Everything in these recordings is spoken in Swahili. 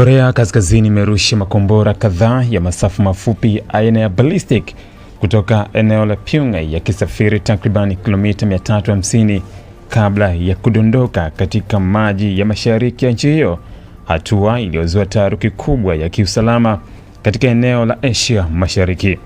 Korea Kaskazini imerusha makombora kadhaa ya masafa mafupi aina ya ballistic kutoka eneo la Pyongyang yakisafiri takriban kilomita 350 kabla ya kudondoka katika maji ya mashariki ya nchi hiyo, hatua iliyozua taharuki kubwa ya kiusalama katika eneo la Asia Mashariki.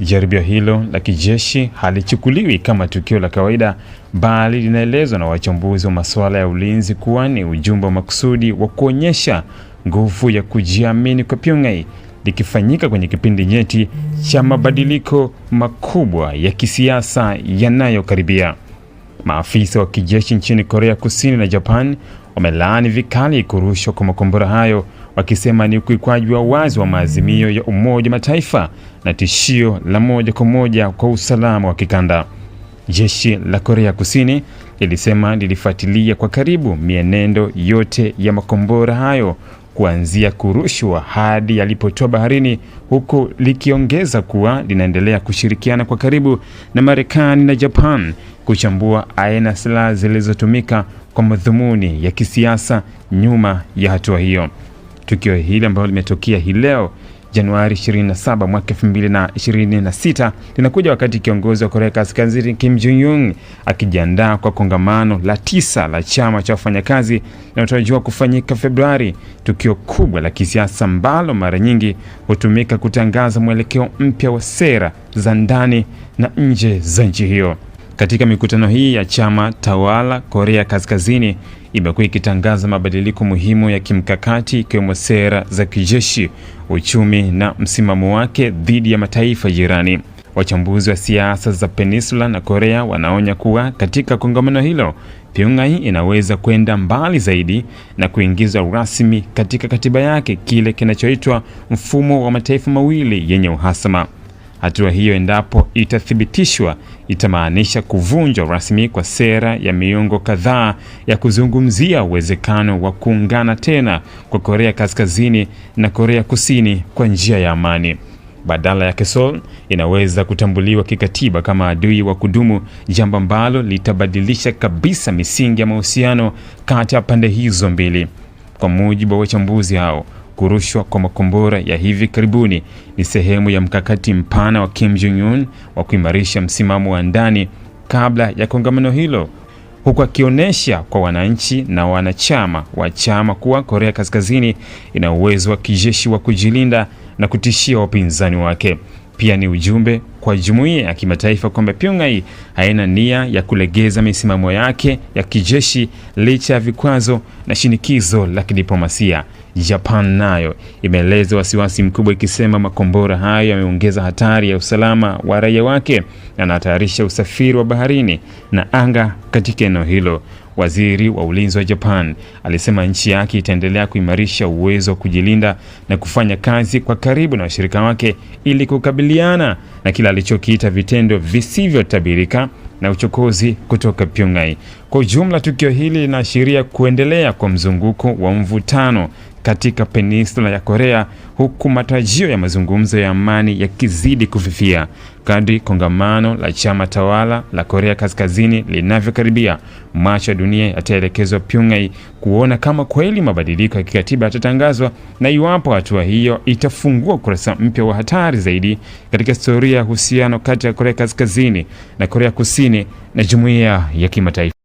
Jaribio hilo la kijeshi halichukuliwi kama tukio la kawaida bali linaelezwa na wachambuzi wa masuala ya ulinzi kuwa ni ujumbe wa makusudi wa kuonyesha nguvu ya kujiamini kwa Pyongyang likifanyika kwenye kipindi nyeti cha mabadiliko makubwa ya kisiasa yanayokaribia. Maafisa wa kijeshi nchini Korea Kusini na Japan wamelaani vikali kurushwa kwa makombora hayo wakisema ni ukiukwaji wa wazi wa maazimio ya Umoja Mataifa na tishio la moja kwa moja kwa usalama wa kikanda. Jeshi la Korea Kusini lilisema lilifuatilia kwa karibu mienendo yote ya makombora hayo kuanzia kurushwa hadi yalipotoa baharini, huku likiongeza kuwa linaendelea kushirikiana kwa karibu na Marekani na Japan kuchambua aina silaha zilizotumika kwa madhumuni ya kisiasa nyuma ya hatua hiyo. Tukio hili ambalo limetokea hii leo Januari 27 mwaka 2026 linakuja wakati kiongozi wa Korea Kaskazini Kim Jong Un akijiandaa kwa kongamano la tisa la chama cha wafanyakazi linalotarajiwa kufanyika Februari, tukio kubwa la kisiasa ambalo mara nyingi hutumika kutangaza mwelekeo mpya wa sera za ndani na nje za nchi hiyo. Katika mikutano hii ya chama tawala, Korea Kaskazini imekuwa ikitangaza mabadiliko muhimu ya kimkakati ikiwemo sera za kijeshi, uchumi na msimamo wake dhidi ya mataifa jirani. Wachambuzi wa siasa za Peninsula na Korea wanaonya kuwa katika kongamano hilo, Pyongyang inaweza kwenda mbali zaidi na kuingiza rasmi katika katiba yake kile kinachoitwa mfumo wa mataifa mawili yenye uhasama. Hatua hiyo, endapo itathibitishwa, itamaanisha kuvunjwa rasmi kwa sera ya miongo kadhaa ya kuzungumzia uwezekano wa kuungana tena kwa Korea Kaskazini na Korea Kusini kwa njia ya amani. Badala yake Seoul inaweza kutambuliwa kikatiba kama adui wa kudumu, jambo ambalo litabadilisha kabisa misingi ya mahusiano kati ya pande hizo mbili, kwa mujibu wa wachambuzi hao. Kurushwa kwa makombora ya hivi karibuni ni sehemu ya mkakati mpana wa Kim Jong Un wa kuimarisha msimamo wa ndani kabla ya kongamano hilo, huku akionyesha kwa wananchi na wanachama wa chama kuwa Korea Kaskazini ina uwezo wa kijeshi wa kujilinda na kutishia wapinzani wake. Pia ni ujumbe kwa jumuiya ya kimataifa kwamba Pyongyang haina nia ya kulegeza misimamo yake ya kijeshi licha ya vikwazo na shinikizo la kidiplomasia. Japan nayo imeeleza wasiwasi mkubwa ikisema makombora hayo yameongeza hatari ya usalama wa raia wake na anatayarisha usafiri wa baharini na anga katika eneo hilo. Waziri wa ulinzi wa Japan alisema nchi yake itaendelea kuimarisha uwezo wa kujilinda na kufanya kazi kwa karibu na washirika wake ili kukabiliana na kile alichokiita vitendo visivyotabirika na uchokozi kutoka Pyongyang. Kwa ujumla, tukio hili linaashiria kuendelea kwa mzunguko wa mvutano katika peninsula ya Korea huku matarajio ya mazungumzo ya amani yakizidi kufifia kadri kongamano la chama tawala la Korea Kaskazini linavyokaribia. Macho ya dunia yataelekezwa Pyongyang kuona kama kweli mabadiliko ya kikatiba yatatangazwa na iwapo hatua hiyo itafungua ukurasa mpya wa hatari zaidi katika historia ya uhusiano kati ya Korea Kaskazini na Korea Kusini na jumuiya ya kimataifa.